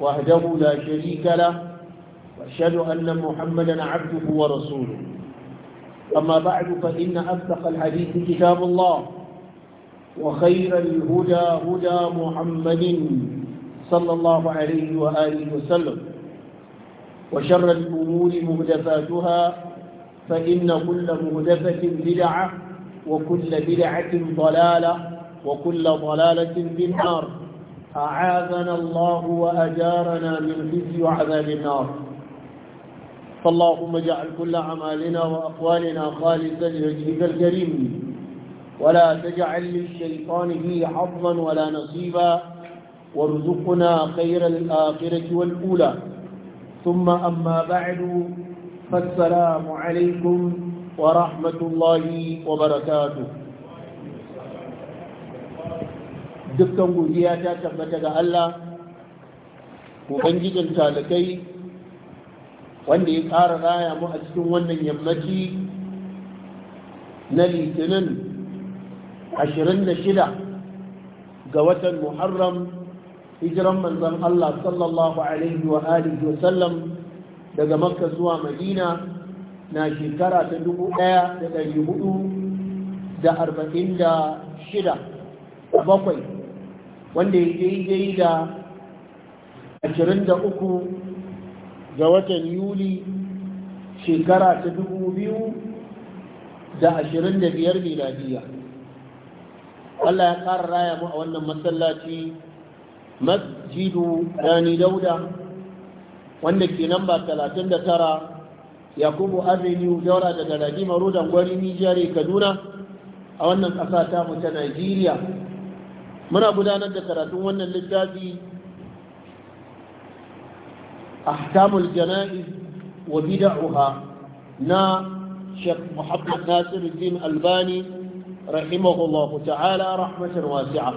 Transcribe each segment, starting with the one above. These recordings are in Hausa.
وحده لا شريك له وأشهد أن محمدا عبده ورسوله أما بعد فإن أصدق الحديث كتاب الله وخير الهدى هدى محمد صلى الله عليه وآله وسلم وشر الأمور مهدفاتها فإن كل مهدفة بدعة وكل بدعة ضلالة وكل ضلالة في النار أعاذنا الله وأجارنا من خزي وعذاب النار فاللهم اجعل كل أعمالنا وأقوالنا خالصا لوجهك الكريم ولا تجعل للشيطان فيه حظا ولا نصيبا وارزقنا خير الآخرة والأولى ثم أما بعد فالسلام عليكم ورحمة الله وبركاته dukkan godiya ta tabbata ga Allah ubangijin talakai wanda ya ƙara raya mu a cikin wannan yammaci na litinin 26 ga watan muharram hijiran manzan Allah sallallahu alaihi wa alihi wa sallam daga makka zuwa madina na shekara ta 1446 a bakwai wanda ya daidai da 23 ga watan yuli shekara ta 2025 miladiya Allah ya ƙara raya mu a wannan masallaci masjidu rani dauda wanda ke namba 39 yakubu avenue daura daga rajima da gwari nijiyar kaduna a wannan ƙasa ta mu ta najeriya muna gudanar da karatun wannan littafi ahkamul jana'iz wa bid'uha na Sheikh Muhammad Nasiruddin Albani rahimahullahu ta'ala rahmatan wasi'a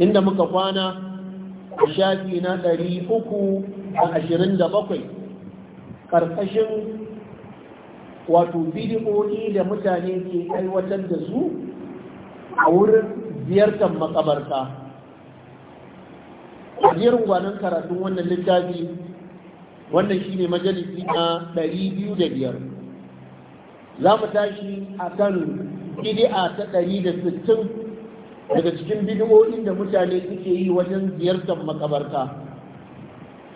inda muka kwana shafi na 327 karkashin wato bidiyoyi da mutane ke aiwatar da su a wurin ziyartar makabarta a jerin gwanon karatun wannan littafi wannan shine majalisi na 205 za mu tashi a kan bid'a ta 160 daga cikin bid'o'in da mutane suke yi wajen ziyartar makabarta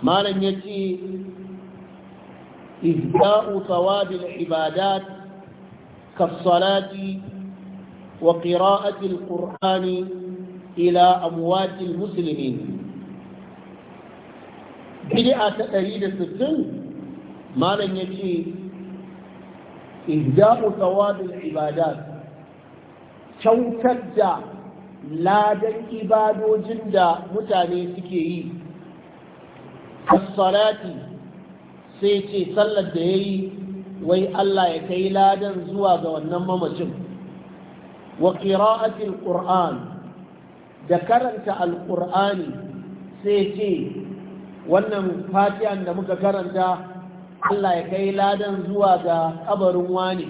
malam ya ce izba'u thawabil ibadat ka salati وقراءة القرآن إلى أموات المسلمين بدعة تأييد السن ما لن يجي إهداء ibada. العبادات da ladan ibadojin da mutane suke yi as sai ce sallar da yayi wai Allah ya kai ladan zuwa ga wannan mamacin wa qira'atil qur'an da karanta alqur'ani sai ce wannan fatiyan da muka karanta Allah ya kai ladan zuwa ga kabarin wani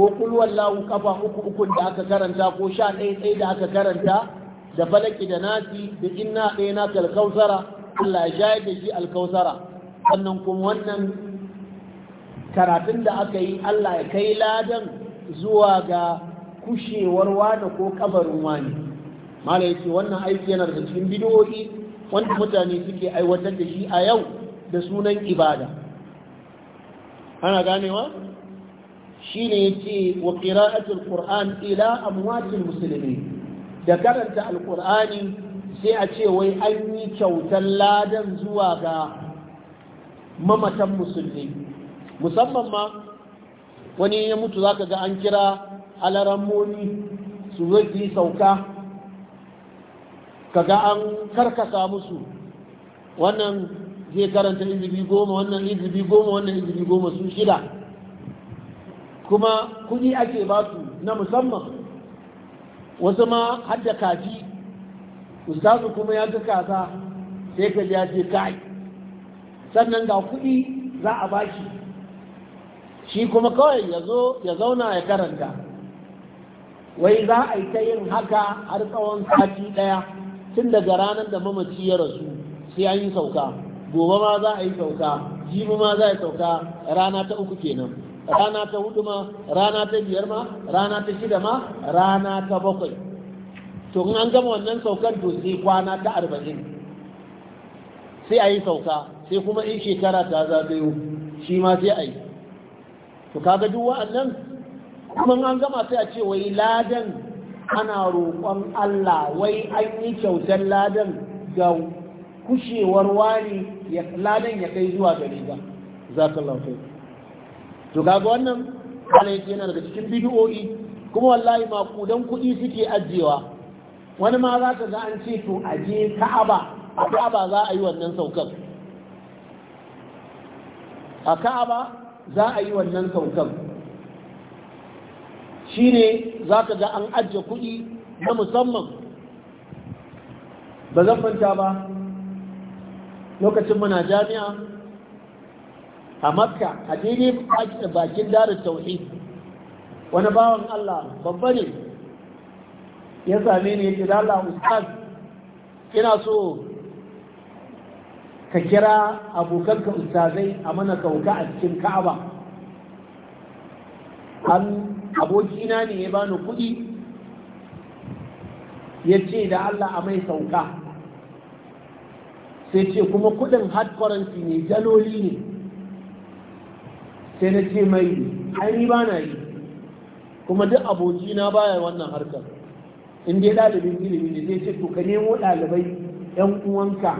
ko lawu kafa uku uku da aka karanta ko sha ɗaya ɗaya da aka karanta da falaki da nasi da inna ɗaya na kalkausara Allah ya shayar da shi alkausara sannan kuma wannan karatun da aka yi Allah ya kai ladan zuwa ga kushewar wani ko kabarin wani mala yake wannan aiki yana da cikin bidiyoyi wanda mutane suke aiwatar da shi a yau da sunan ibada ana ganewa shi ne ya ce wa ƙira'atul ƙur'an ila amwatin musulmi da karanta alƙur'ani sai a ce wai an yi kyautar ladan zuwa ga mamatan musulmi musamman ma wani ya mutu za ka ga an kira alarammomi su zai sauka kaga an karkasa musu wannan zai karanta izibi goma wannan izibi goma wannan izibi goma su shida kuma kudi ake ba su na musamman wasu ma da kaji ustazu kuma ya ga kasa sai ka ya ce kai sannan ga kudi za a bashi shi kuma kawai ya zo ya zauna ya karanta wai za a yi ta yin haka har tsawon sati ɗaya tun daga ranar da mamaci ya rasu sai an yi sauka gobe ma za a yi sauka jibi ma za a yi sauka rana ta uku kenan rana ta hudu ma rana ta biyar ma rana ta shida ma rana ta bakwai to in an gama wannan saukan to sai kwana ta arba'in sai a yi sauka sai kuma in shekara ta zagayo shi ma sai a yi to kaga duk wa'annan kuma an gama sai a ce wai ladan ana roƙon Allah wai an yi kyautar ladan ga kushewar wani ladan ya kai zuwa gare ba za ka lafai to kaga wannan ana yana daga cikin bidiyoyi kuma wallahi makudan kuɗi suke ajiyewa wani ma za ka ga an ce to aje ka'aba a ka'aba za a yi wannan saukan a ka'aba za a yi wannan saukan ne za ka ga an ajiye kuɗi na musamman ba zan manta ba lokacin muna jami'a a makka a daidai bakin darin tauhid wani bawan allah babba ne ya same ni ya ce Allah ustaz ina so ka kira abokanka ustazai a mana kauka a cikin ka'aba an abokina ne ya bani kuɗi ya ce da Allah a mai sauka sai ce kuma kuɗin hard currency ne jaloli ne sai na ce mai ai ba na yi kuma duk abokina baya wannan harkar in dai ɗalibin ilimi ne zai ce to ka nemo ɗalibai yan uwanka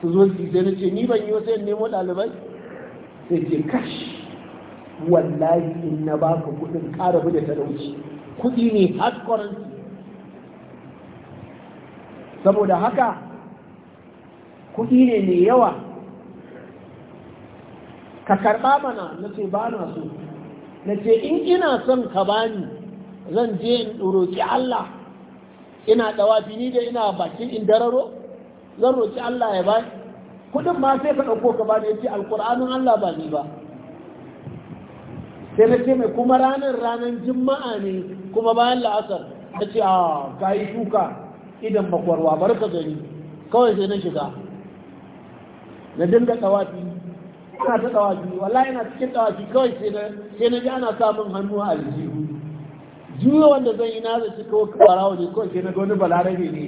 su zo su sai na ce ni ban yi wasu nemo ɗalibai sai ce kashi wallahi in na ba ku kudin ƙara da talauci kudi ne hard currency saboda haka kudi ne mai yawa ka karɓa mana na ce ba na so na ce in ina son ka bani zan je in roƙi Allah ina ɗawafi ni da ina bakin in dararo zan roƙi Allah ya bani kudin ma sai ka ɗauko ka bani ya ce alƙur'anin Allah ba ni ba sai na ce mai kuma ranar ranar juma'a ne kuma bayan la'asar na ce a ah, ka yi shuka idan makwarwa bar ka gani kawai sai na shiga na dinga tsawafi ana ta tsawafi Wala yana cikin tsawafi kawai sai na ji ana samun hannu a aljihu juya wanda zan yi na zaci kawai kwara waje kawai sai na ga wani balarabe ne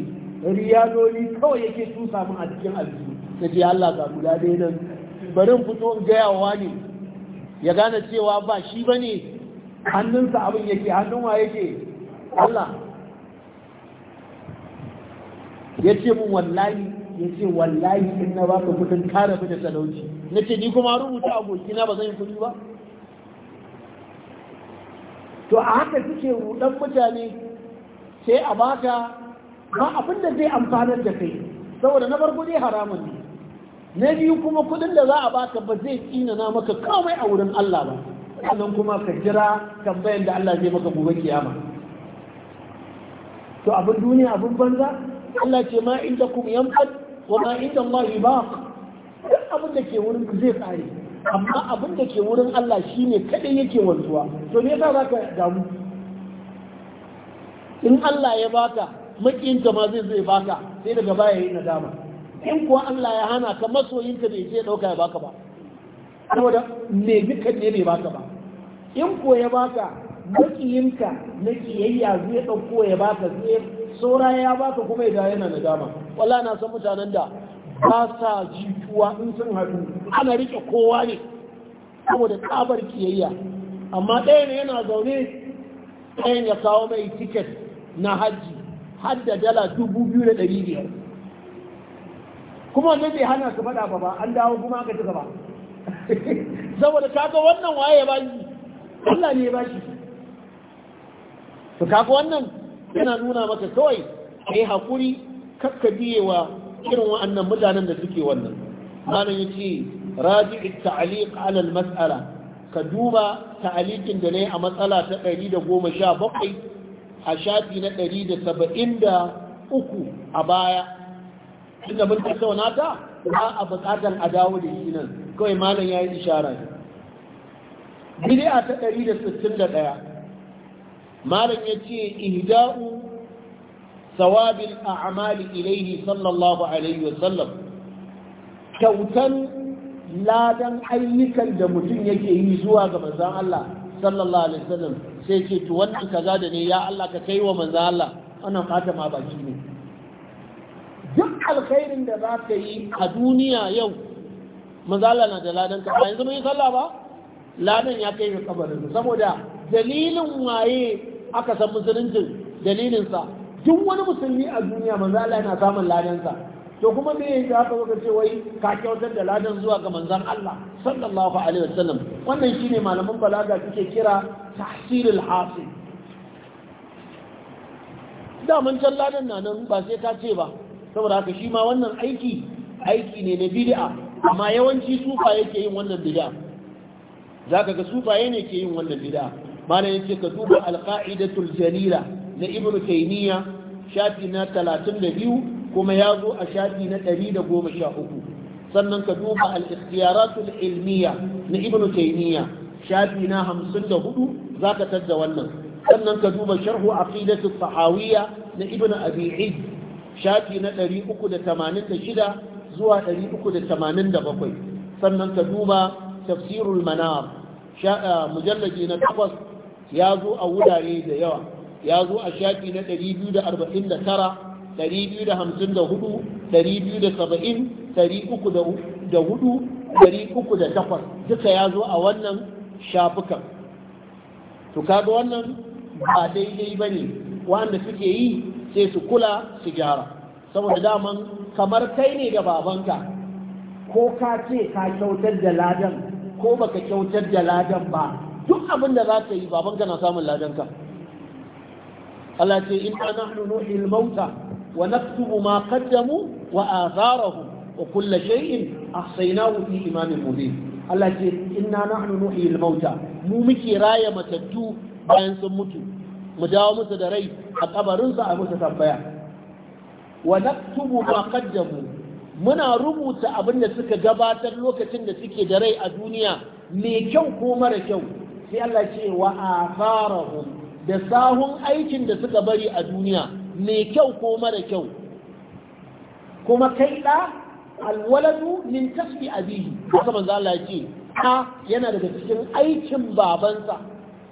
riyaloli kawai yake tusa min a cikin aljihu na ce Allah ga guda ɗaya nan bari fito gayawa ne ya gane cewa ba shi ba ne hannunsa abin yake hannun wa yake Allah ya ce mun wallahi ya ce wallahi in na baka kudin kare fi da talauci na ce ni kuma rubuta na ba zan yi kudi ba to a haka suke rudan mutane sai a baka ba abin da zai amfanar da kai saboda na farko dai haramun ne na biyu kuma kudin da za a baka ba zai tsinana maka kawai a wurin Allah ba sannan kuma ka jira tambayar da Allah zai maka gobe kiyama to abin duniya abin banza Allah ce ma inda kum yanfad wa ma inda Allah baq duk abin da ke wurin zai kare amma abin da ke wurin Allah shine kadai yake wanzuwa to me yasa zaka damu in Allah ya baka makinka ma zai zai baka sai daga baya yi nadama in kuwa Allah ya hana ka masoyinka bai je dauka ya baka ba saboda me dukkan ne bai baka ba in ko ya baka makiyinka na kiyayya zai dauko ya baka zai saura ya baka kuma ya yana nadama wallahi na san mutanen da ba sa jituwa in sun haɗu ana rike kowa ne saboda kabar kiyayya amma ɗaya ne yana zaune ɗayan ya kawo mai tiket na hajji har dala dubu biyu da ɗari biyar kuma wannan bai hana su faɗa ba ba an dawo kuma aka ci gaba saboda kaga wannan waye ya bashi Allah ne ya bashi to kaga wannan yana nuna maka kawai kai hakuri kakka biyewa irin wa'annan mutanen da suke wannan malam yace raji'i ta'liq 'ala al-mas'ala ka duba ta'liqin da nayi a matsala ta 117 a shafi na 173 a baya duk da mun tattauna ta ba a buƙatar a dawo da shi nan kawai malam ya yi ishara ne bid'a ta 161 malam ya ce ihda'u sawabil a'mali ilayhi sallallahu alaihi wa sallam kyautan ladan ayyukan da mutum yake yi zuwa ga manzon Allah sallallahu alaihi wasallam sai ce to wannan kaza da ne ya Allah ka kai wa manzon Allah wannan fata ma baki ne duk alkhairin da za ka yi a duniya yau mazala na da ladan ka yanzu mun yi sallah ba ladan ya kai ga kabarin saboda dalilin waye aka san musuluncin dalilinsa duk wani musulmi a duniya mazala yana samun ladansa to kuma me yake haka zaka ce wai ka kyautar da ladan zuwa ga manzon Allah sallallahu alaihi wasallam wannan shine malamin balaga suke kira tahsilul hasil da mun can ladan nan ba sai ka ce ba saboda haka shi ma wannan aiki aiki ne na bid'a amma yawanci sufa yake yin wannan bid'a zaka ga ne ke yin wannan bid'a malam yace ka duba alqaidatul jalila na ibnu taymiya shafi na 32 kuma ya zo a shafi na 113 sannan ka duba al-ikhtiyaratul ilmiya na ibnu taymiya shafi na 54 zaka tadda wannan sannan ka duba sharhu aqidatus sahawiyya na ibnu abi shafi na 386 zuwa 387 sannan ka duba tafsirul manar mujallaji na takwas ya zo a wurare da yawa ya zo a shafi na 249 254 270 duka ya zo a wannan shafukan to kaga wannan ba daidai ba ne wanda suke yi sai su kula su gyara saboda daman kamar kai ne da babanka ko ka ce ka kyautar da ladan ko baka kyautar da ladan ba duk abin da za ka yi babanka na samun ladanka Allah ce in ana nahnu nuhil mauta wa naktubu ma qaddamu wa atharahum wa kullu shay'in ahsaynahu fi imamin mubin Allah ce inna nahnu nuhil mauta mu muke raya matattu bayan sun mutu mu dawo musu da rai a kabarinsu a musu tambaya wa naktubu ma qaddamu muna rubuta abin da suka gabatar lokacin da suke da rai a duniya mai kyau ko mara kyau sai Allah ce wa atharahum da sahun aikin da suka bari a duniya mai kyau ko mara kyau kuma kai da alwaladu min kasbi abihi kuma manzo Allah ya ce ha yana daga cikin aikin babansa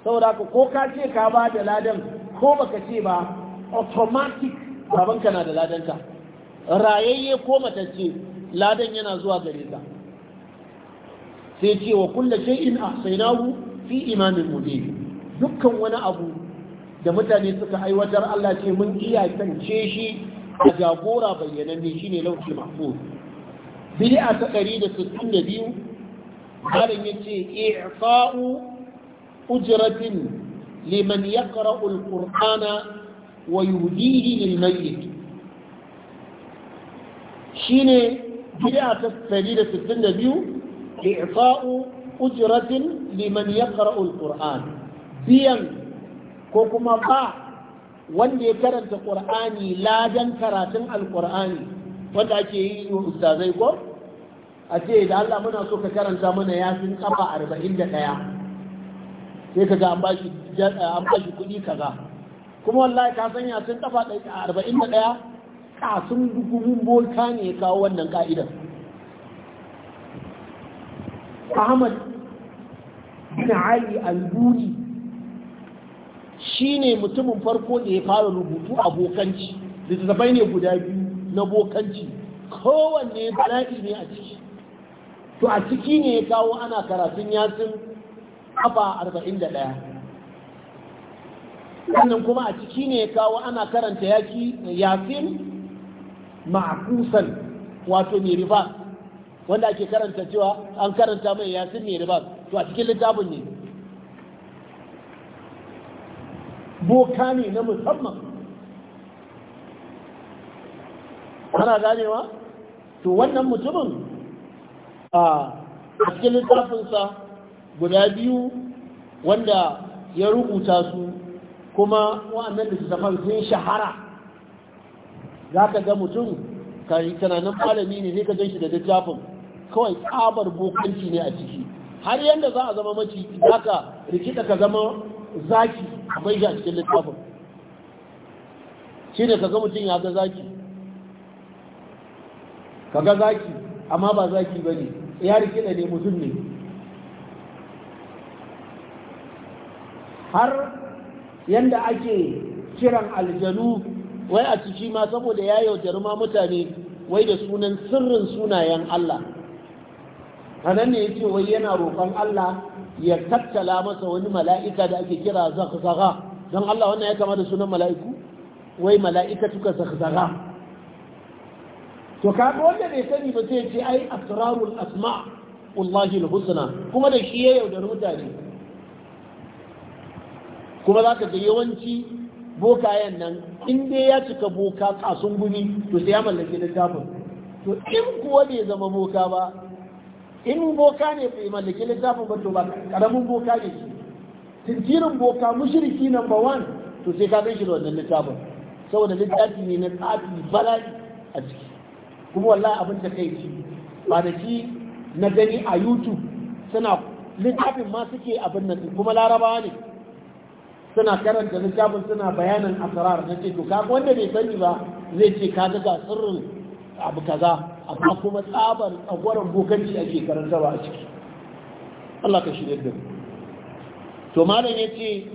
saboda ka ko ka ce ka ba da ladan ko baka ce ba automatic babanka na da ladanka rayayye ko matacce ladan yana zuwa gare ka sai ce wa kulla shay'in ahsaynahu fi imamin mubin dukkan wani abu da mutane suka aiwatar Allah ce mun tance shi a jagora ne shine lauki mahfuz bid'a ta 162 malam yace i'fa'u أجرة لمن يقرأ القرآن ويهديه للميت شين بدعة السليلة السنة بيو إعطاء أجرة لمن يقرأ القرآن بيان كوكما باع wanda ya karanta ƙur'ani ladan karatun alƙur'ani wanda ake yi wa ustazai ko a ce da Allah muna so ka karanta mana yasin kafa arba'in da ɗaya sai ka ga an ba shi kudi kuɗi kaza kuma wallahi ka sanya sun kafa 41 kasun dukumin bolta ne ya kawo wannan ka'idar Ahmad bin Ali al buri shine mutumin farko da ya fara rubutu a bokanci littattafai ne guda biyu na bokanci kowanne bala'i ne a ciki to a ciki ne ya kawo ana karatun yasin kafa arba'in da ɗaya wannan kuma a ciki ne kawo ana karanta yaki yasin ma'akusan wato mai wanda ake karanta cewa an karanta mai yasin mai to a cikin littafin ne boka ne na musamman ana ganewa to wannan mutumin a cikin littafinsa guda biyu wanda ya rubuta su kuma wa'annan littattafan sun shahara za ka ga mutum kari malami ne sai ka zai shi da littafin kawai tsabar bokanci ne a ciki har yadda za a zama maci za ka rikida ka zama zaki a bai shi a cikin littafin shi ne ka ga mutum ya ga zaki ka ga zaki amma ba zaki ba ne ya rikita ne mutum ne har yadda ake kiran aljanu wai a ciki ma saboda ya yaudari ma mutane wai da sunan sirrin sunayen Allah anan ne ce wai yana roƙon Allah ya tattala masa wani mala'ika da ake kira zakzaka don Allah wannan ya kama da sunan mala'iku wai mala'ikatuka zakzaka to kaga wanda bai sani ba sai ce ai asrarul asma' wallahi husna kuma da shi ya yaudari mutane kuma za ka ga yawanci bokayen nan in dai ya cika boka kasun guni to sai ya mallake littafin to in kuwa bai zama boka ba in boka ne bai mallake littafin ba to ba karamin boka ne tintirin boka mushriki number one to sai ka ganshi da wannan littafin saboda littafi ne na tsafi bala'i a ciki kuma wallahi abin da kai ci ba da shi na gani a youtube suna littafin ma suke abin nan kuma larabawa ne suna karanta littafin suna bayanin asrar na ce to wanda bai sani ba zai ce kaga ga sirrin abu kaza amma kuma tsabar tsagwaron bokanci ake karanta ba a ciki Allah ka shirya da to malam yace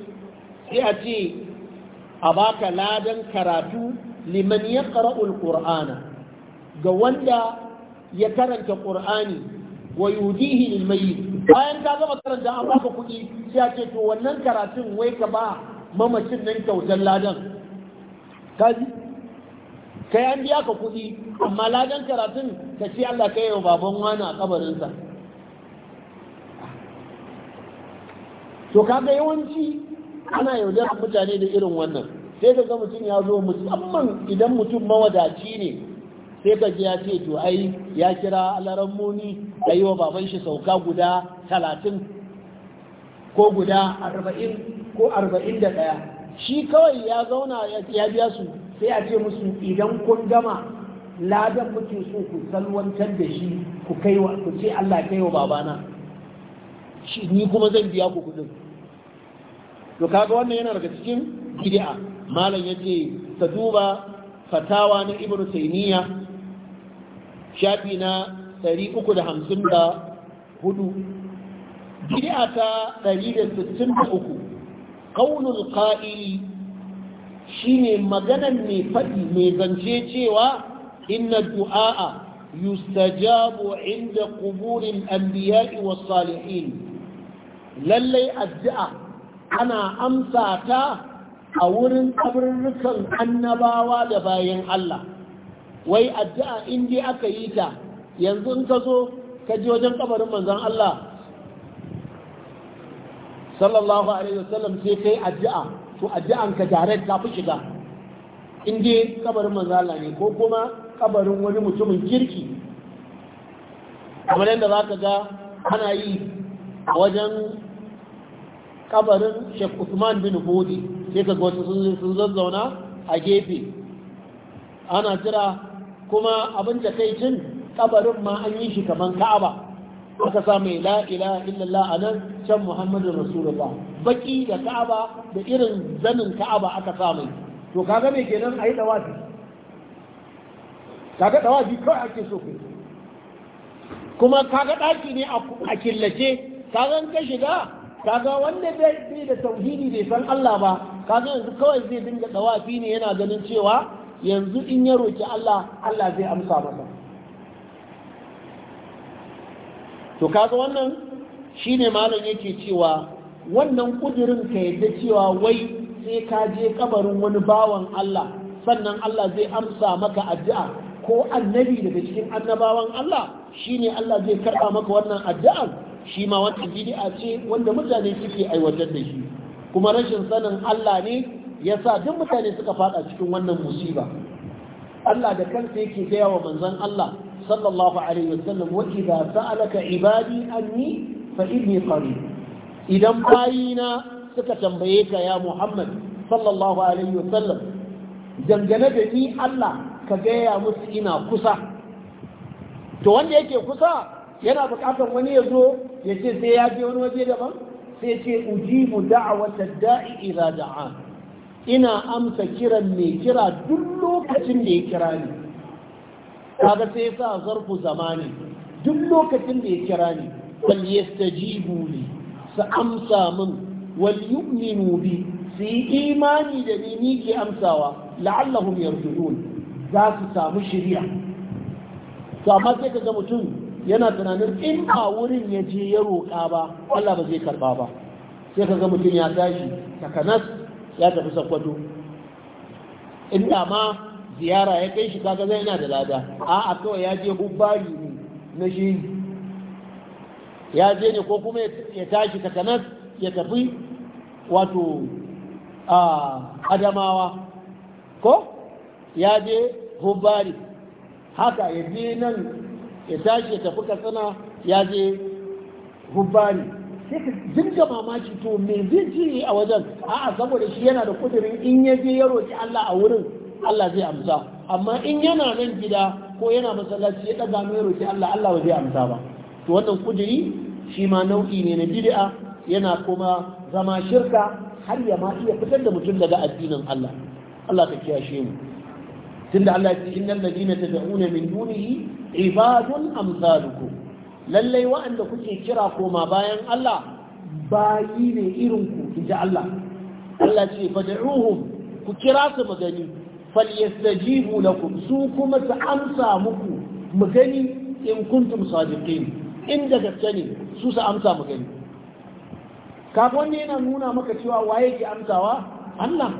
sai a ce a baka ladan karatu liman yaqra'ul qur'ana ga wanda ya karanta qur'ani wa yudihi lil mayyit bayan ka gama karanta an baka kuɗi sai a ce to wannan karatun wai ka ba mamacin nan kyautar ladan kaji kai an biya ka kuɗi amma ladan karatun ka ce Allah kai yau baban wani a kabarinsa to kaga yawanci ana yaudarar mutane da irin wannan sai ka ga mutum ya zo musamman idan mutum mawadaci ne sai ka ji ya ce to ai ya kira alaran ya yi wa baban shi sauka guda talatin ko guda arba'in ko arba'in da ɗaya shi kawai ya zauna ya biya su sai a ce musu idan kun gama ladan muke so ku salwantar da shi ku kai wa ku ce Allah kai wa babana shi ni kuma zan biya ku kudin to kaga wannan yana daga cikin bid'a malam yace ka duba fatawa na ibnu taymiya shafi na 354 bid'a ta 163 qaulul qa'ili shine maganan mai faɗi mai zance cewa inna du'a yustajabu inda quburil anbiya'i was salihin lallai addu'a ana amsa ta a wurin kabarrukan annabawa da bayan Allah wai addu'a in dai aka yi ta yanzu in ka zo ka ji wajen kabarin manzan Allah sallallahu alaihi wasallam sai kai addu'a to addu'an ka direct ta fi shiga in dai kabarin manzan Allah ne ko kuma kabarin wani mutumin kirki kamar yadda za ka ga ana yi wajen kabarin Sheikh Usman bin Hudi sai ka ga wasu sun zazzauna a gefe ana jira kuma abin da kai kabarin ma an yi shi kaman ka'aba aka sa mai la ilaha illallah a nan can muhammadin rasulullah baki da ka'aba da irin zanin ka'aba aka sa mai to kaga me kenan a ayi dawafi kaga dawafi kawai ake so kai kuma kaga daki ne a killace kaga ka shiga kaga wanda bai da tauhidi bai san Allah ba kaga yanzu kawai zai dinga dawafi ne yana ganin cewa yanzu in ya roki Allah Allah zai amsa masa to kaga wannan shine malam yake cewa wannan kudirin ka yadda cewa wai sai ka je kabarin wani bawan Allah sannan Allah zai amsa maka addu'a ko annabi daga cikin annabawan Allah shine Allah zai karba maka wannan addu'ar, shi ma wannan bid'a ce wanda mutane suke aiwatar da shi kuma rashin sanin Allah ne yasa duk mutane suka fada cikin wannan musiba Allah da kansa yake gaya wa manzon Allah صلى الله عليه وسلم وإذا سألك عبادي أني فإني قريب إذا باينا سكتن بيك يا محمد صلى الله عليه dangane da ni Allah ka gaya musu ina kusa to wanda yake kusa yana bukatar wani ya zo ya ce sai ya je wani waje daban sai ce ujibu da'wata da'i idza da'a ina amsa kiran mai kira duk lokacin da ya kirani. kaga sai sa zarfu zamani duk lokacin da ya kira ni bal yastajibu li su amsa min wal yu'minu bi su yi imani da ni ni ke amsawa la'allahum yarjudun za su samu shiriya to amma sai kaga mutum yana tunanin in a wurin ya je ya roƙa ba Allah ba zai karba ba sai kaga mutum ya tashi takanas ya tafi sakwato inda ma ziyara ya kai shi kaga zai yana da lada a'a kawai ya je hubbari na shi ya je ne ko kuma ya tashi takanas ya tafi wato a adamawa ko ya je hubbari haka ya je nan ya tashi ya tafi katsina ya je hubbari sai ka mamaki to me zai ci a wajen a'a saboda shi yana da kudirin in ya je ya roki Allah a wurin Allah zai amsa amma in yana nan gida ko yana masallaci ya daga mai roki Allah Allah ba zai amsa ba to wannan kujiri shi ma nau'i ne na bid'a yana kuma zama shirka har ya ma iya fitar da mutum daga addinin Allah Allah ta kiyashe mu tunda Allah ya ce innal ladina tad'una min dunihi ibadun amsalukum lallai wa'anda kuke kira koma bayan Allah bayi ne irin ku inji Allah Allah ce fad'uhum ku kira su magani falyastajibu lakum su kuma su amsa muku mu gani in kuntum sadiqin in da gaske ne su su amsa mu gani kafin wannan yana nuna maka cewa waye ke amsawa Allah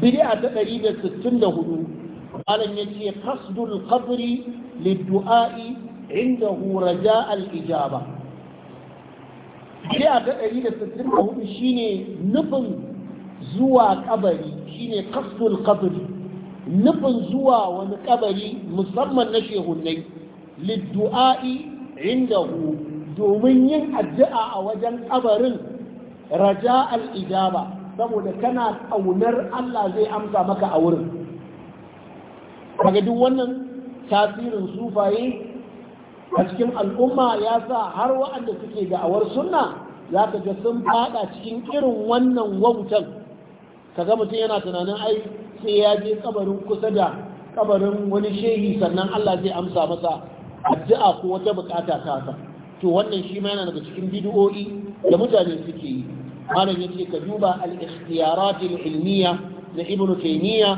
bid'a ta 164 alan yace qasdul qabri lid-du'a'i indahu ta shine nufin zuwa kabari shine qasdul qabri nufin zuwa wani kabari musamman na shehunnai liddu'a'i indahu domin yin addu'a a wajen kabarin raja al'ijaba saboda kana ƙaunar Allah zai amsa maka a wurin daga duk wannan tasirin sufaye a cikin al'umma ya sa har wa'anda suke da'awar sunna za ka ga sun fada cikin irin wannan wautan Ka kaga mutum yana tunanin ai sai ya je kabarin kusa da kabarin wani shehi sannan Allah zai amsa masa addu'a ko wata bukata ta sa to wannan shi ma yana daga cikin bid'o'i da mutane suke yi malam ya ce ka duba al-ikhtiyarat al-ilmiya na ibn taymiya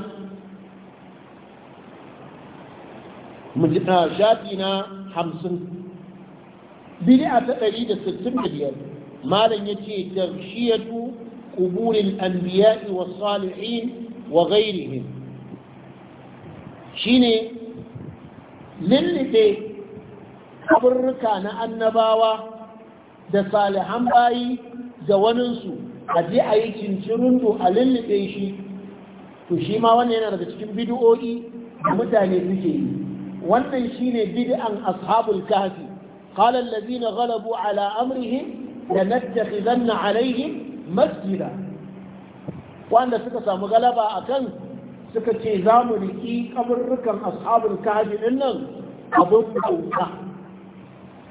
ah, shafi na 50 bid'a ta 165 malam ya yace tafshiyatu قبور الأنبياء والصالحين وغيرهم شيني للذي قبرك na النباوة da salihan bayi da waninsu a je a yi cincirin to a lullube shi to shi ma wannan yana daga cikin bidiyo'i da mutane suke yi wannan shine bid'an ashabul kahfi qala na galabu ala amrihim lanattakhidanna alaihim masjida wanda suka samu galaba a kan suka ce za mu riƙi kaburrukan ashabul kaji din nan abin bauta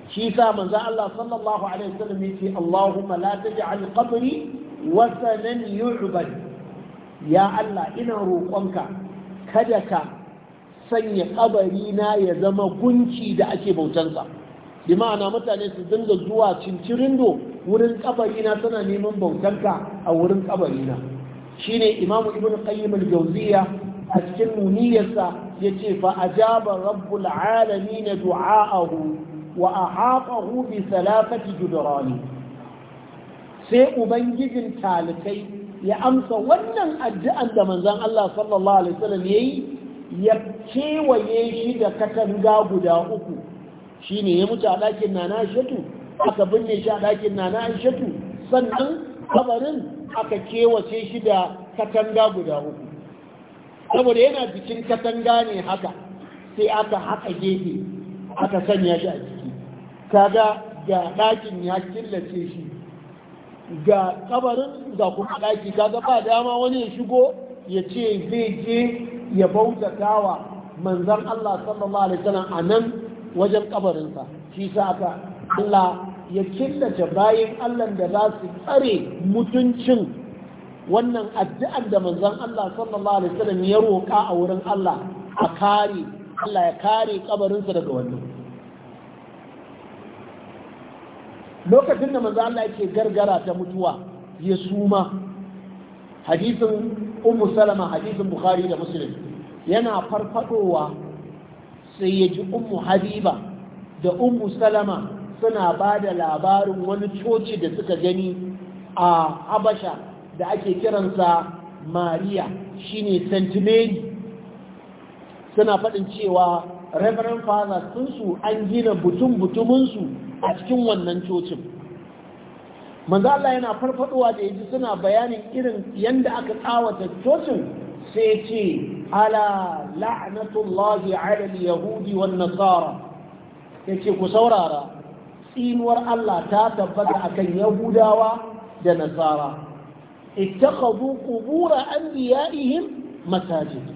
shi sa manzo Allah sallallahu alaihi wasallam yace Allahumma la taj'al qabri wasanan yu'bad ya Allah ina roƙonka kada ka sanya kabari na ya zama gunci da ake bautansa bi ma'ana mutane su dinga zuwa cincirindo wurin kabarina tana neman bautanka a wurin kabarina shine imamu ibnu qayyim al-jawziya a cikin nuniyarsa ce, fa ajaba rabbul alamin du'aahu wa ahaqahu bi salafati judrani sai ubangijin talikai ya amsa wannan addu'ar da manzon Allah sallallahu alaihi wasallam yayi ya kewaye shi da katanga guda uku shi ne ya mutu a ɗakin nana aishatu aka binne shi a ɗakin nana aishatu sannan kabarin aka kewace shi da katanga guda uku saboda yana jikin katanga ne haka sai aka haka gefe aka sanya shi a ciki kaga ga ɗakin ya killace shi ga kabarin ga kuma ɗaki kaga ba dama wani ya shigo ya ce zai je ya bautatawa manzan Allah sallallahu alaihi wasallam a nan wajen kabarinsa shi sa aka Allah ya killace bayan Allah da za su tsare mutuncin wannan addu'ar da manzon Allah sallallahu alaihi wasallam ya roƙa a wurin Allah a kare Allah ya kare kabarinsa daga wannan lokacin da manzon Allah yake gargara ta mutuwa ya suma hadisin ummu salama hadisin bukhari da muslim yana farfadowa sai ya ji ummu habiba da Umu salama suna ba da labarin wani coci da suka gani a habasha da ake kiransa mariya shine santimeri suna faɗin cewa reverend sun su an gina butun-butuminsu a cikin wannan cocin Manzala yana farfadowa da yaji suna bayanin irin yadda aka tsawata cocin sai ce ala la'anatullahi ala yahudi wan nasara yace ku saurara tsinuwar Allah ta tabbata akan yahudawa da nasara ittakhadhu qubura anbiya'ihim masajid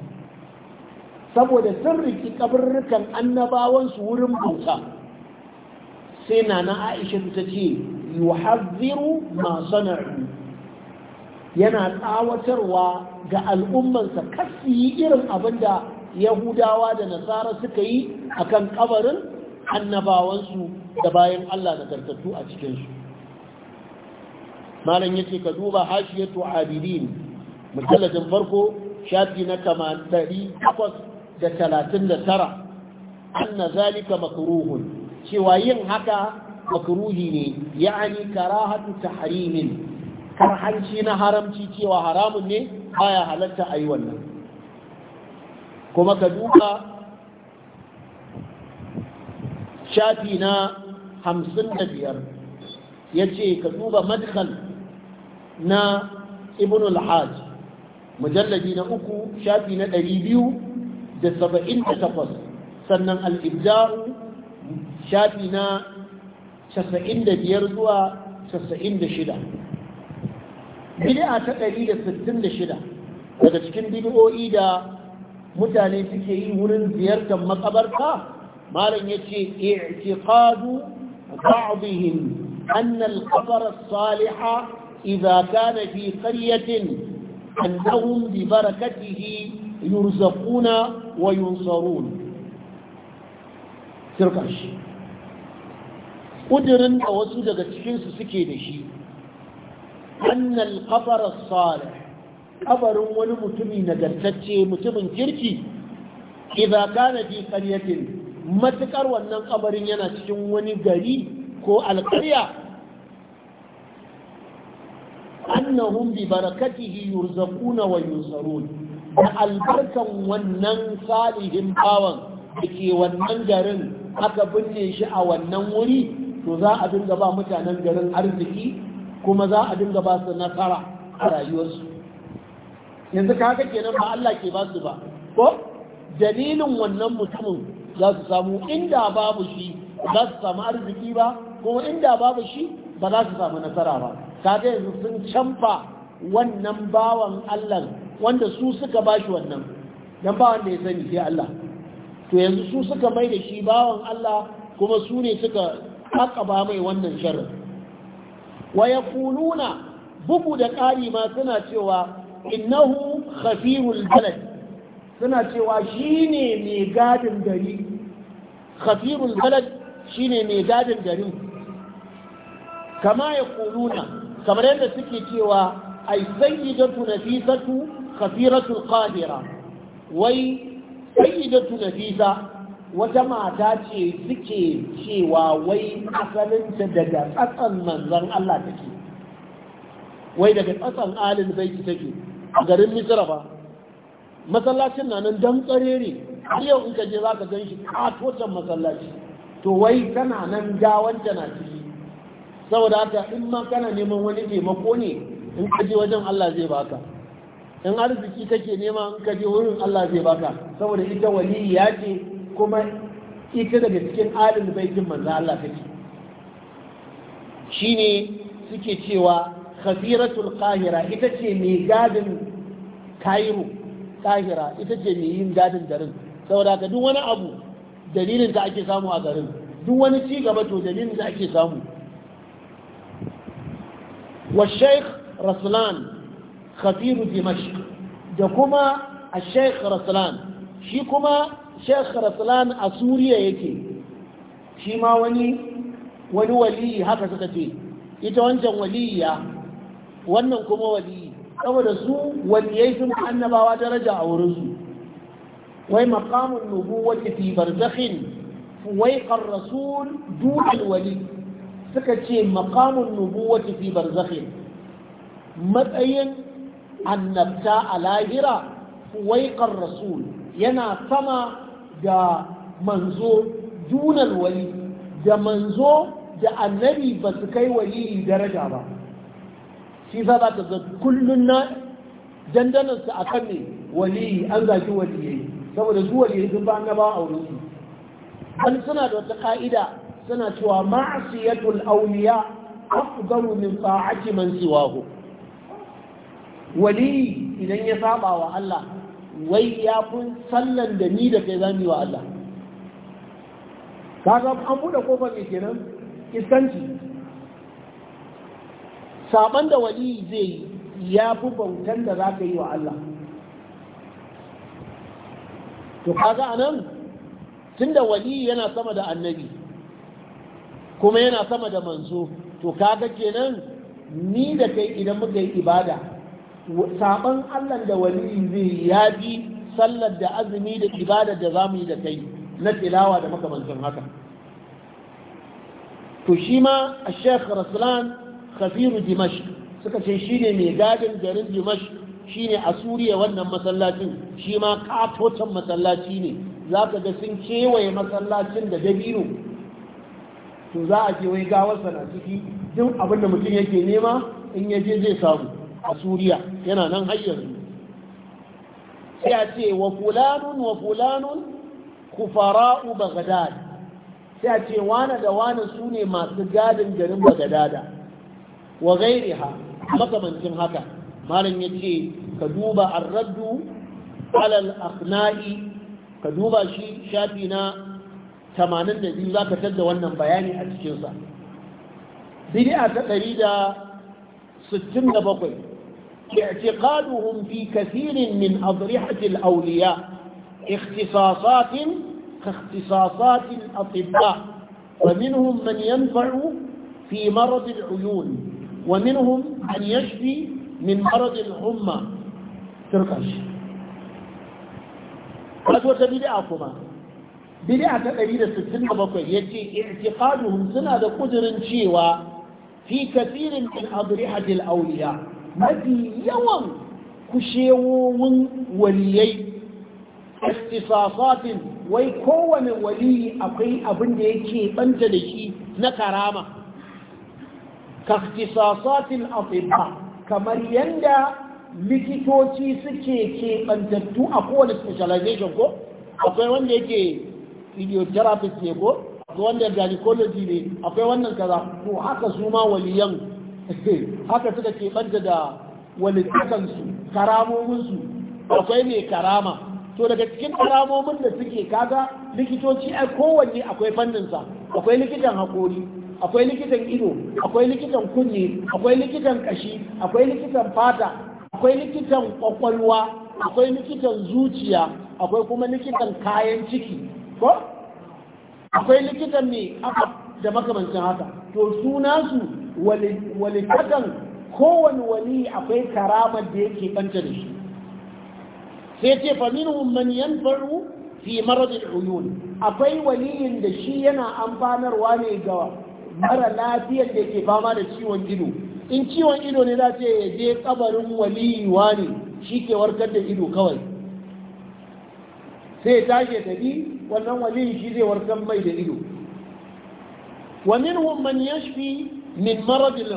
saboda sun riki kabarrukan annabawansu wurin bauta sai nana Aisha ta ce yuhadhiru ma sana'u yana tsawatarwa ga al'ummansa kasu yi irin abin da yahudawa da nasara suka yi a kan ƙabarin annabawansu da bayan allah nagartattu a cikinsu malam ya ce ka duba hashiyatu abidin mujalladin farko shafi na tara. anna zalika makruhun cewa yin haka makruhi ne ya'ani karahatu Harimin. karhanci na haramci cewa haramun ne baya halatta a yi wannan kuma ka duka shafi na hamsin da biyar ya ce ka duba madkhal na ibn al-hajj na uku shafi na ɗari biyu da saba'in da takwas sannan al-ibdaru shafi na casa'in da biyar zuwa casa'in da shida bid'a ta shida, daga cikin bid'o'i da mutane suke yi wurin ziyartar makabarta malam yace i'tiqadu ba'dihim anna al-qabr as-salih idha kana fi qaryatin annahum bi barakatihi yurzaquna wa yunsarun sirkashi kudirin da wasu daga cikinsu suke da shi annal qabr salih wani mutumi nagartacce mutumin kirki Iza kana fi qaryatin matukar wannan kabarin yana cikin wani gari ko alƙarya annahum bi barakatihi yurzaquna wa yunsarun da albarkan wannan salihin bawan da ke wannan garin aka binne shi a wannan wuri to za a dinga ba mutanen garin arziki kuma za a dinga ba su nasara a rayuwarsu yanzu haka kenan ba Allah ke ba su ba ko dalilin wannan mutumin za su samu inda babu shi za su samu arziki ba kuma inda babu shi ba za su samu nasara ba kaga yanzu sun canfa wannan bawan Allah wanda su suka bashi wannan dan ba wanda ya sani sai Allah to yanzu su suka mai da shi bawan Allah kuma su ne suka akaba mai wannan sharri wa yaquluna bugu da ƙari ma suna cewa innahu khafirul balad suna cewa shine mai gadin gari khafirul balad shine mai gadin gari kama yaquluna kamar yadda suke cewa ai sayyidatu nafisatu khafiratul qadira wai sayyidatu nafisa wata mata ce suke cewa wai asalinta daga tsatsan manzan Allah take wai daga tsatsan alin baiki take garin misira ba masallacin na nan don tsarere har yau in ka je za ka gan shi katocin masallaci to wai tana nan gawanta na ciki saboda haka in ma kana neman wani taimako ne in ka je wajen Allah zai baka in arziki take nema in ka je wurin Allah zai baka saboda ita waliyya ce kuma ita daga cikin alin baitin manzo Allah take shine suke cewa khaziratul qahira ita ce mai gadin Cairo qahira ita ce mai yin gadin garin saboda ka duk wani abu dalilin da ake samu a garin duk wani ci gaba to dalilin da ake samu wa sheikh raslan khafiru dimashq da kuma a sheikh raslan shi kuma sheikh raslan a suriya yake shi ma wani wani waliyi haka suka ce ita wancan waliya wannan kuma waliyi saboda su waliyai sun annabawa daraja a wurinsu wai maqamun nubuwwati fi barzakhin fuwaiqar rasul dunal wali suka ce maqamun wata fi barzakhin matsayin annabta a lahira fuwaiqar rasul yana sama da manzo dunan wali da manzo da annabi ba su kai wali daraja ba shi za ka ga kullun na dandanarsa a kan ne wali an zaki waliyai saboda su waliyai sun ba annabawa a wurinsu an suna da wata ka'ida suna cewa ma'asiyatul auliya afdalu min ta'ati man siwahu wali idan ya saba wa Allah wai ya fi sallan da ni da kai zami wa Allah kaga an buɗe kofar ne kenan iskanci saban da wali zai ya fi bautan da za ka yi wa Allah to kaga nan, tun da wali yana sama da annabi kuma yana sama da manzo to kaga kenan ni da kai idan muka yi ibada saban Allah da waliyi zai ya bi sallar da azumi da ibada da za mu yi da kai na tilawa da makamancin haka to shi ma a sheikh raslan khafiru dimash suka ce shi ne mai gadin garin dimash shi ne a suriya wannan masallacin shi ma katotan masallaci ne za ka ga sun kewaye masallacin da dabino to za a kewaye gawarsa na ciki duk abin da mutum yake nema in ya je zai samu a suriya yana nan har yanzu sai a ce wa fulanun wa fulanun kufara'u bagadad sai a ce wane da wane su ne masu gadin garin bagadada wa gairi ha makamancin haka malam ya ce ka duba arraddu alal akna'i ka duba shi shafi na 82 za ka tadda wannan bayani a cikinsa bid'a ta ستين بقي اعتقادهم في كثير من أضرحة الأولياء اختصاصات كاختصاصات الأطباء ومنهم من ينفع في مرض العيون ومنهم من يشفي من مرض الحمى تركش وأتوت بدعكما بدعة قليلة ستين بقي يتي اعتقادهم سنة قدر شيوى fi kasirin min adrihatil awliya mafi yawan kushewowin waliyai istifafatin wai kowane waliyi akwai abin da yake banta da shi na karama ka istifafatin afirka kamar yadda likitoci suke ke bantattu a kowane specialization ko akwai wanda yake physiotherapist ne ko wanda gynecology ne akwai wannan kaza to haka su ma waliyan haka suka banta da walittakansu karamominsu akwai mai karama to daga cikin karamomin da suke kaga likitoci ai kowanne akwai fanninsa akwai likitan hakori, akwai likitan ido akwai likitan kunne akwai likitan kashi akwai likitan fata akwai likitan kwakwalwa akwai likitan zuciya akwai kuma likitan kayan ciki ko akwai likitan ne aka da makamancin haka to suna su walitakan kowane wali akwai karama da yake banta da shi sai ce famin man yanfaru fi maradin uyun akwai waliyin da shi yana amfanarwa ne ga mara lafiyar da ke fama da ciwon ido in ciwon ido ne za ce ya je kabarin waliyi wani shi ke warkar da ido kawai sai ya ta tafi wannan waliyin shi zai warkar mai da ido wa minhum man yashfi min marad al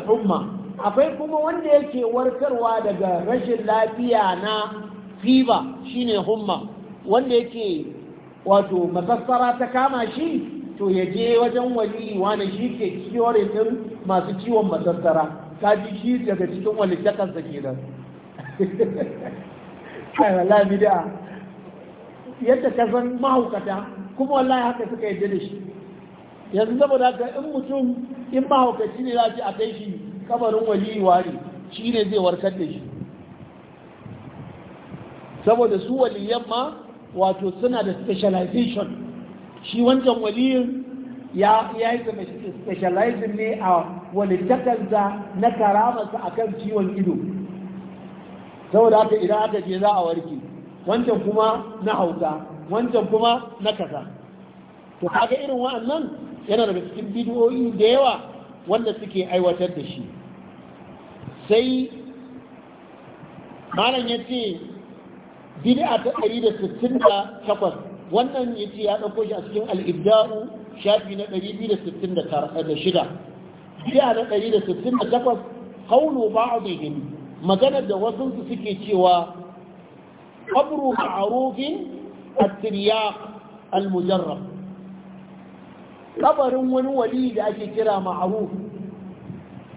akwai kuma wanda yake warkarwa daga rashin lafiya na fiba shine humma wanda yake wato masassara ta kama shi to ya je wajen waliyi wani shi ke kiyoretin masu ciwon masassara ta ji shi daga cikin walittakansa kenan kai yadda ka san mahaukata kuma wallahi haka suka yadda da shi yanzu saboda haka in mutum in mahaukaci ne za a kai shi kabarin wali wari shi ne zai warkar da shi saboda su waliyan ma wato suna da specialization shi wancan waliyin ya yi zama specializing ne a walittakarsa na karamarsa a kan ciwon ido saboda haka idan aka je za a warke wancan kuma na hauka wancan kuma na kasa. to kaga irin wa'annan yana daga cikin bidiyoyi da yawa wanda suke aiwatar da shi sai malam ya ce bid'a ta 168 wannan ya ce ya ɗauko shi a cikin al'ibda'u shafi na 266 bid'a na 168 haulu ba'adihim maganar da wasu suke cewa قبر معروف الترياق المجرب قبر ونولي لأجي كرا معروف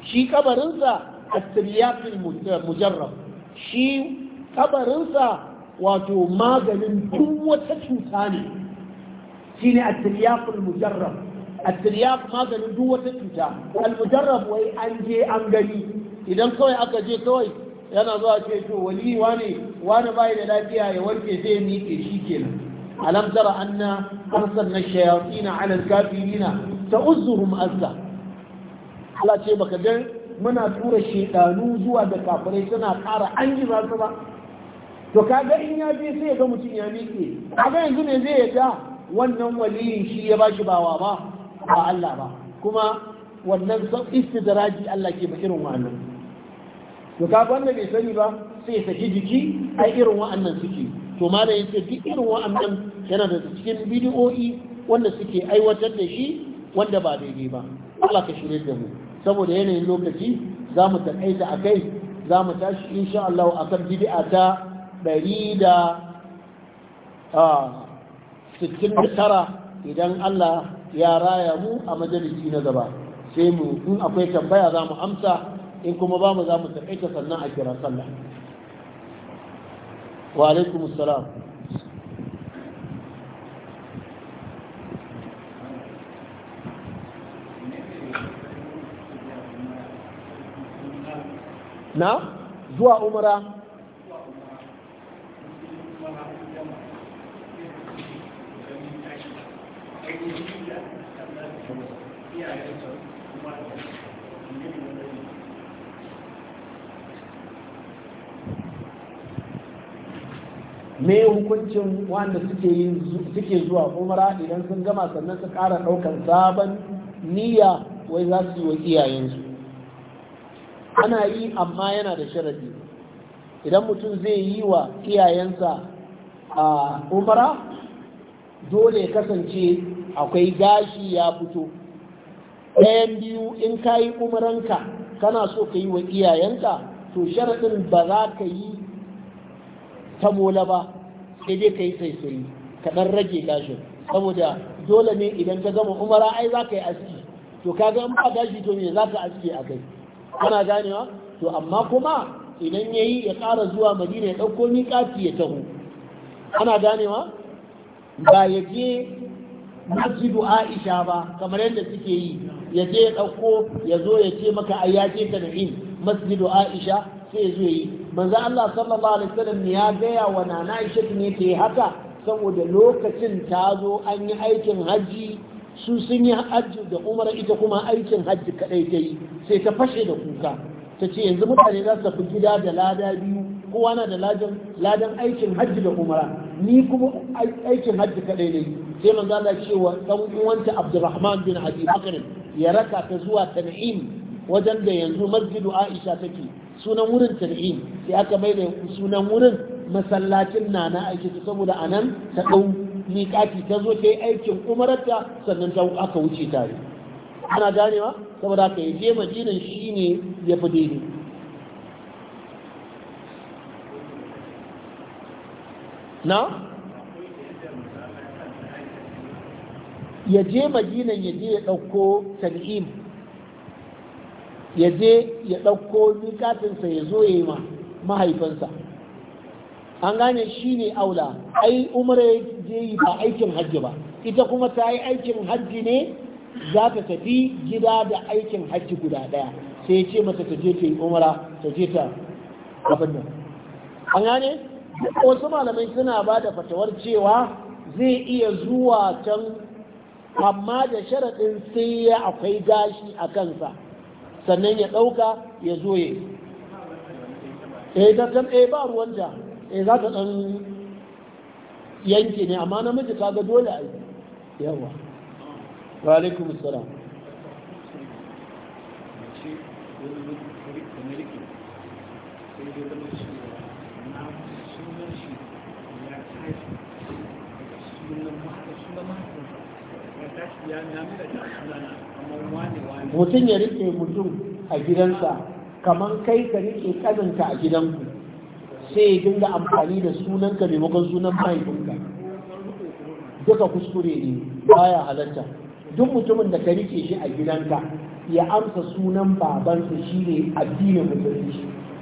شي قبر انسى الترياق المجرب شي قبر انسى واتو ماغن قوة تشوتاني شيني الترياق المجرب الترياق ماغن قوة تشوتاني المجرب وي أنجي أنجلي إذا كوي أكجي كوي yana zuwa ce to wali wane wani bai da lafiya ya warke sai ni ke shi kenan alam tara anna arsalna shayatin ala alkafirina ta'uzuhum azza Allah ce baka ga muna tura shedanu zuwa da kafirai suna ƙara an ji ba su ba to kaga in ya je sai ya ga mutum ya miƙe kaga yanzu ne zai ya ga wannan waliyin shi ya bashi bawa ba ba Allah ba kuma wannan istidraji Allah ke ba irin wannan to ka bai sani ba sai ta saki jiki ai irin wa'annan suke to da yace duk irin wa'annan yana da cikin bidiyo'i wanda suke aiwatar da shi wanda ba daidai ba Allah ka shirye da mu saboda yanayin lokaci za mu takaita a kai za mu tashi insha Allah a kan bid'a ta ɗari da sittin da tara idan Allah ya raya mu a majalisi na gaba sai mu in akwai tambaya za mu amsa in kuma ba mu za mu taƙaita sannan a kira sallah wa alaikum salam na zuwa umara Yeah. me hukuncin wanda suke zuwa umara idan sun gama sannan su ƙara ɗaukar sabon niyya wai za su yi wa iyayensu ana yi amma yana da sharadi idan mutum zai yi wa iyayensa a umara dole ya kasance akwai gashi ya fito ɗayan biyu in ka yi umaranka kana so ka yi wa iyayenka to sharaɗin ba za ka yi ta mola ba sai dai ka yi saisayi ka ɗan rage gashin saboda dole ne idan ka gama umara ai za ka yi aski to ka ga in ba gashi to me za ka aski a kai kana ganewa to amma kuma idan ya yi ya ƙara zuwa madina ya ɗauko miƙati ya taho ana ganewa ba ya je masjidu aisha ba kamar yadda suke yi ya je ya ɗauko ya zo ya ce maka ai ya ta na'in masjidu aisha sai yi manzo Allah sallallahu alaihi wasallam ya gaya wa nana Aisha ne ta yi haka saboda lokacin ta zo an yi aikin hajji su sun yi hajji da umar ita kuma aikin hajji kadai ta yi sai ta fashe da kuka ta ce yanzu mutane za su fi gida da lada biyu kowa na da ladan ladan aikin hajji da umara ni kuma aikin hajji kadai ne sai manzo Allah ce wa dan uwanta Abdurrahman bin Abi Bakr ya raka ta zuwa Tan'im wajen da yanzu masjidu Aisha take sunan wurin tar'in sai aka mai da sunan wurin masallacin nana ake ta saboda a nan ta ɗau miƙati ta zo ta yi aikin umararta sannan ta aka wuce tare ana ganewa saboda ka je majinin shi ne ya fi daidai na ya je madinan ya je ya ɗauko tan'im ya je ya ɗauko mikatinsa ya zo ya yi ma mahaifinsa an gane shi ne aula ai umara ya je yi ba aikin hajji ba ita kuma ta yi aikin hajji ne za ta tafi gida da aikin hajji guda ɗaya sai ya ce mata ta je ta yi umara ta je ta kafin nan an gane wasu malamai suna ba da fatawar cewa zai iya zuwa can amma da sharaɗin sai ya akwai gashi a kansa sannan ya ɗauka ya zo ya eh ta kan eh ba ruwanta eh za ta ɗan yanke ne amma namiji ga dole a yi yawa wa alaikum salam mutum ya rike mutum a gidansa kamar kai ka rike kaninka a gidanku sai ya dinga amfani da sunanka maimakon sunan mahaifinka duka kuskure ne baya halatta duk mutumin da ka rike shi a gidanka ya amsa sunan babansa shi ne addinin musulunci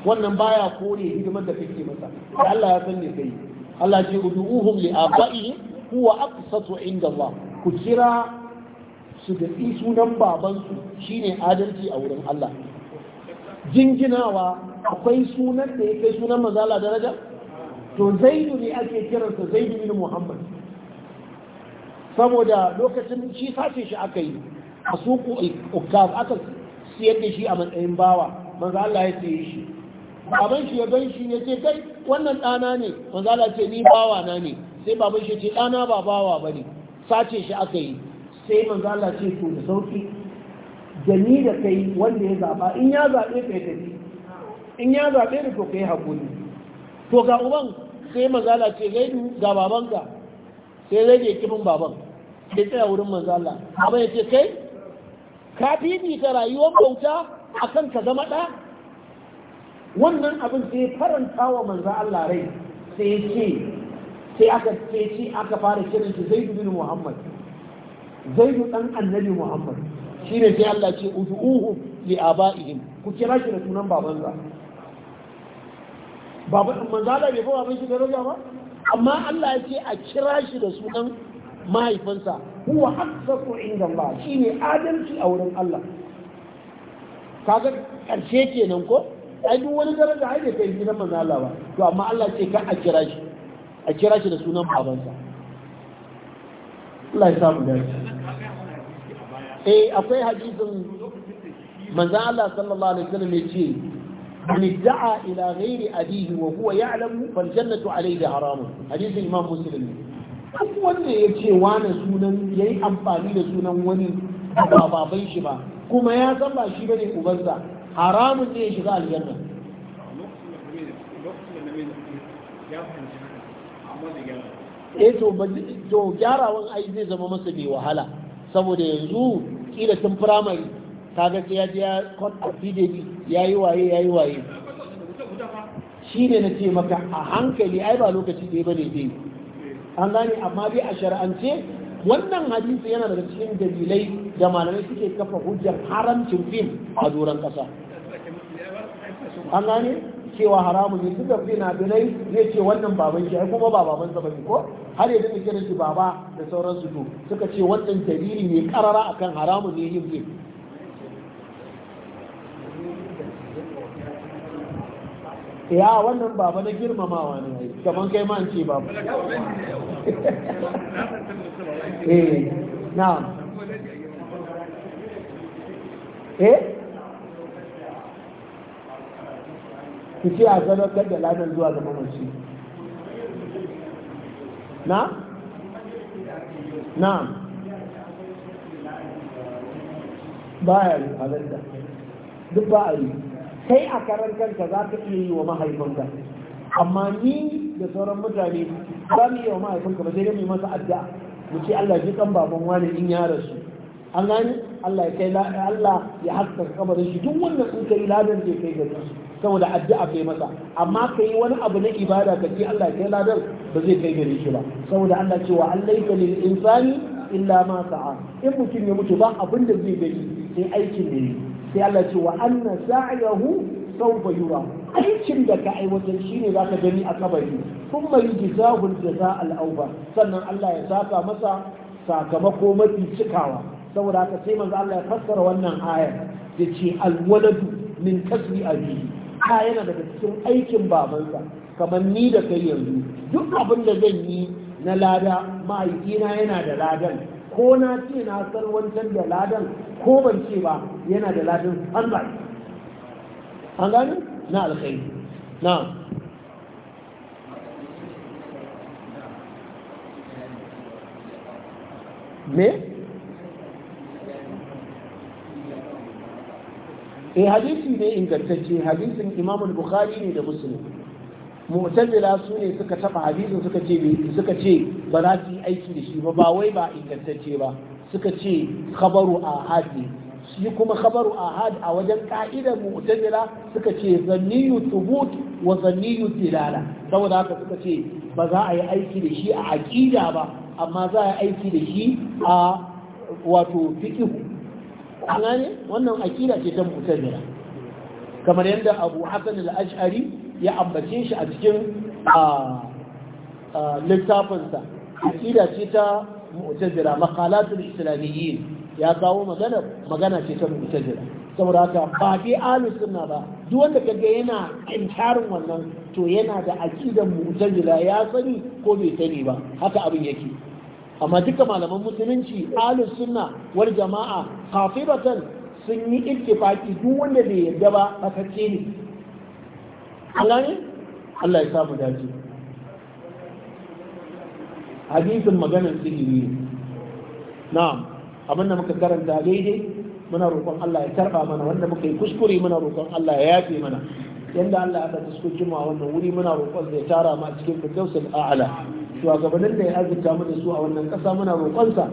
wannan baya kore hidimar da kake masa Allah ya san ne kai Allah ce udu'uhum li abaihim huwa aqsatu inda Allah ku kira su da sunan babansu shine adalci a wurin Allah jinginawa akwai sunan da ya kai sunan mazala daraja to zaidu ne ake kiransa zaidu bin muhammad saboda lokacin shi sace shi aka yi a suku uktaf aka siyar da shi a matsayin bawa manzo Allah ya siye shi baban shi ya gan shi ya ce kai wannan ɗana ne manzo ce ni bawa na ne sai baban shi ce ɗana ba bawa bane sace shi aka yi sai Manzala ce to da sauki da ni da kai wanda ya zaba in ya zabe kai tafi in ya zabe ni to kai hakuri to ga uban sai Manzala Allah ce gaidu ga babanka sai zai ke kifin baban sai tsaya wurin Manzala. Allah amma ya ce kai ka fi ta rayuwar bauta akan ka zama da wannan abin sai faranta wa manzo Allah rai sai ya ce sai aka ce aka fara kiran shi zaidu bin muhammad zaidu dan annabi muhammad shine sai Allah ce ud'uhu li abaihim ku kira shi da sunan babansa baban manzo Allah bai baban shi daraja ba amma Allah ya ce a kira shi da sunan mahaifinsa huwa haqqu inda Allah shine adalci a wurin Allah kaga karshe kenan ko ai duk wani daraja ai da kai gidan manzo Allah ba to amma Allah ce ka a kira shi a kira shi da sunan babansa Allah ya samu da eh akwai hadisin manzan Allah sallallahu alaihi wasallam ya ce من دعا إلى غير أبيه وهو يعلم فالجنة عليه حرام حديث الإمام مسلم duk wanda ya ce wani sunan ya yi amfani da sunan wani ba baban shi ba kuma ya san ba shi bane ubansa haramun ne ya shiga aljanna eh to to gyarawan ai zai zama masa mai wahala saboda yanzu kila tun firamare kaga sai ya je ya confident ya yi waye ya yi waye shi ne na ce maka a hankali ai ba lokaci ɗaya ba ne dai an gane amma dai a shari'ance wannan hadisi yana daga cikin dalilai da malamai suke kafa hujjar haramcin fim a doron ƙasa an gane cewa haramun ne duka fina-finai zai ce wannan baban shi ai kuma ba baban sa bane ko har yanzu muke da shi baba da sauran su to suka ce wannan dalili ne karara akan haramun ne yin zai ya wannan baba na girmamawa ne gaban kai ma ce baba eh na eh ki ce a sadakar da ladan zuwa ga mamaci na na baya yi halatta duk ba a yi kai a karan ka za ka iya yi wa mahaifinka amma ni da sauran mutane ba mu iya wa mahaifinka ba sai dai yi masa adda. mu ce Allah ji kan baban wani in ya rasu an gani Allah ya kai Allah ya haska kabarin shi duk wannan in kai ladan zai kai ga su saboda addu'a kai masa amma ka yi wani abu na ibada ka ci Allah kai ladar ba zai kai gare shi ba saboda Allah cewa Allah ya lil insani illa ma sa'a in mutum ya mutu ba abin da zai gani sai aikin ne sai Allah cewa anna sa'yahu sawfa yura aikin da ka aiwatar shine zaka gani a kabari kuma yujzahu jaza awba sannan Allah ya saka masa sakamako mafi cikawa saboda haka sai manzo Allah ya fassara wannan ayar yace al-waladu min kasbi abihi ta yana daga cikin aikin babansa kamar ni da kai yanzu duk abin da zan yi na lada mahaifina yana da ladan ko na ce na san wancan da ladan ko ban ce ba yana da ladan Allah an gani na alkhairi na me eh hadisi ne ingantacce hadisin imamu bukhari ne da muslim mu'tazila su ne suka taba hadisin suka ce suka ce ba za su yi aiki da shi ba ba wai ba ingantacce ba suka ce khabaru ahad ne shi kuma khabaru ahad a wajen ka'idar mu'tazila suka ce zanniyu thubut wa zanniyu dilala saboda haka suka ce ba za a yi aiki da shi a aqida ba amma za a yi aiki da shi a wato fiqh an wannan akida ce ta mu'tazila kamar yadda Abu Hasan al-Ash'ari ya ambace shi a cikin littafinsa akida ce ta mu'tazila maqalatul islamiyyin ya kawo magana magana ce ta mu'tazila saboda haka ba dai ahlus sunna ba duk wanda kaga yana inkarin wannan to yana da akidan mu'tazila ya sani ko bai sani ba haka abin yake amma duka malaman musulunci ahlus sunna wal jama'a kafiratan sun yi ittifaki duk wanda bai yarda ba a kace ne Allah ne Allah ya samu dace hadisin maganar sihiri na'am abin da muka karanta daidai muna roƙon Allah ya karba mana wanda muka yi kuskure muna roƙon Allah ya yafe mana Yadda Allah aka fuskokin mu a wannan wuri muna roƙon ya tara mu a cikin firdausul a'la shugabannin da ya azurta mu da su a wannan ƙasa muna roƙonsa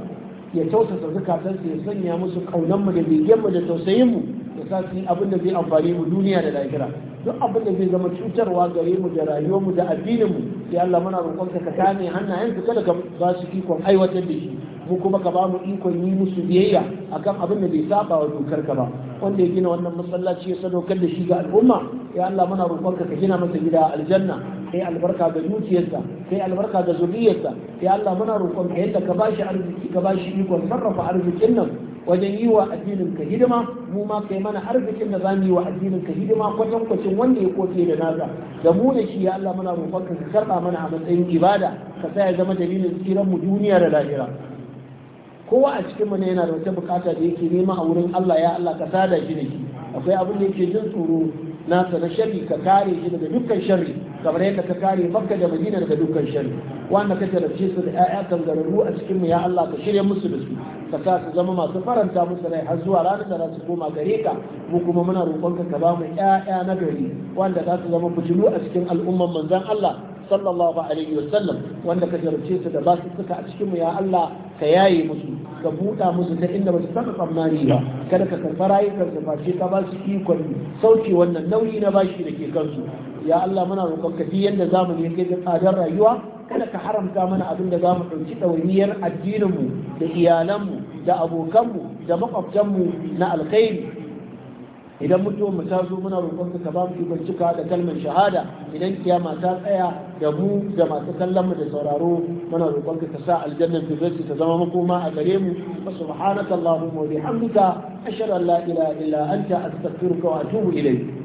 ya tausasa zukatansa ya sanya musu kaunan mu da begen mu da tausayin mu ya sa su abin da zai amfani mu duniya da lahira duk abin da zai zama cutarwa gare mu da rayuwar mu da addinin mu Allah muna roƙonka ka kame hannayen su kada ka ba su ikon aiwatar da shi mu kuma ka bamu ikon yi musu biyayya akan abin da bai saba wa dokar ka ba wanda ya gina wannan masallaci ya sadaukar da shi ga al'umma ya Allah muna roƙonka ka gina masa gida aljanna kai albarka ga zuciyarsa kai albarka ga zuriyarsa ya Allah muna roƙonka yadda ka bashi arziki ka bashi ikon sarrafa arzikin nan wajen yi wa addinin ka hidima mu ma kai mana arzikin da zamu yi wa addinin ka hidima kwatan kwacin wanda ya koce da naza da mu da shi ya Allah muna roƙonka ka karɓa mana a matsayin ibada ka sa ya zama dalilin tsiran mu duniya da lahira kowa a cikinmu ne yana da wata bukata da yake nema a wurin Allah ya Allah ka sada shi da shi akwai abin da yake jin tsoro nasa na sharri ka kare shi daga dukkan sharri kamar yadda ka kare makka da madina daga dukkan sharri wanda ka tarashe su da ƴaƴa kangararru a cikinmu ya Allah ka shirya musu da su ka sa su zama masu faranta musu rai har zuwa ranar da za su koma gare ka mu kuma muna roƙonka ka ba mu ƴaƴa na gari wanda za su zama fitilu a cikin al'umman manzon Allah sallallahu alaihi wa sallam wanda ka jarabce su da basu suka a cikin mu ya Allah ka yaye musu ka buɗa musu ta inda ba su taɓa tsammani ba kada ka karɓa rayukan su face ka ba su ikon sauke wannan nauyi na bashi da ke kansu ya Allah muna roƙon ka duk yadda zamani ya kai da tsadar rayuwa kada ka haramta mana abin da za mu ɗauki ɗawainiyar addininmu da iyalanmu da abokanmu da maƙwabtanmu na alkhairi idan mutuwar mu ta zo muna roƙon ka ba mu cika da kalmar shahada idan kiyama ta tsaya da mu da masu kallon mu da sauraro muna roƙon ka ka sa aljannan firdausi ta zama makoma a gare mu wa subhanaka allahumma wa bihamdika ashhadu an la ilaha illa anta astaghfiruka wa atubu ilayk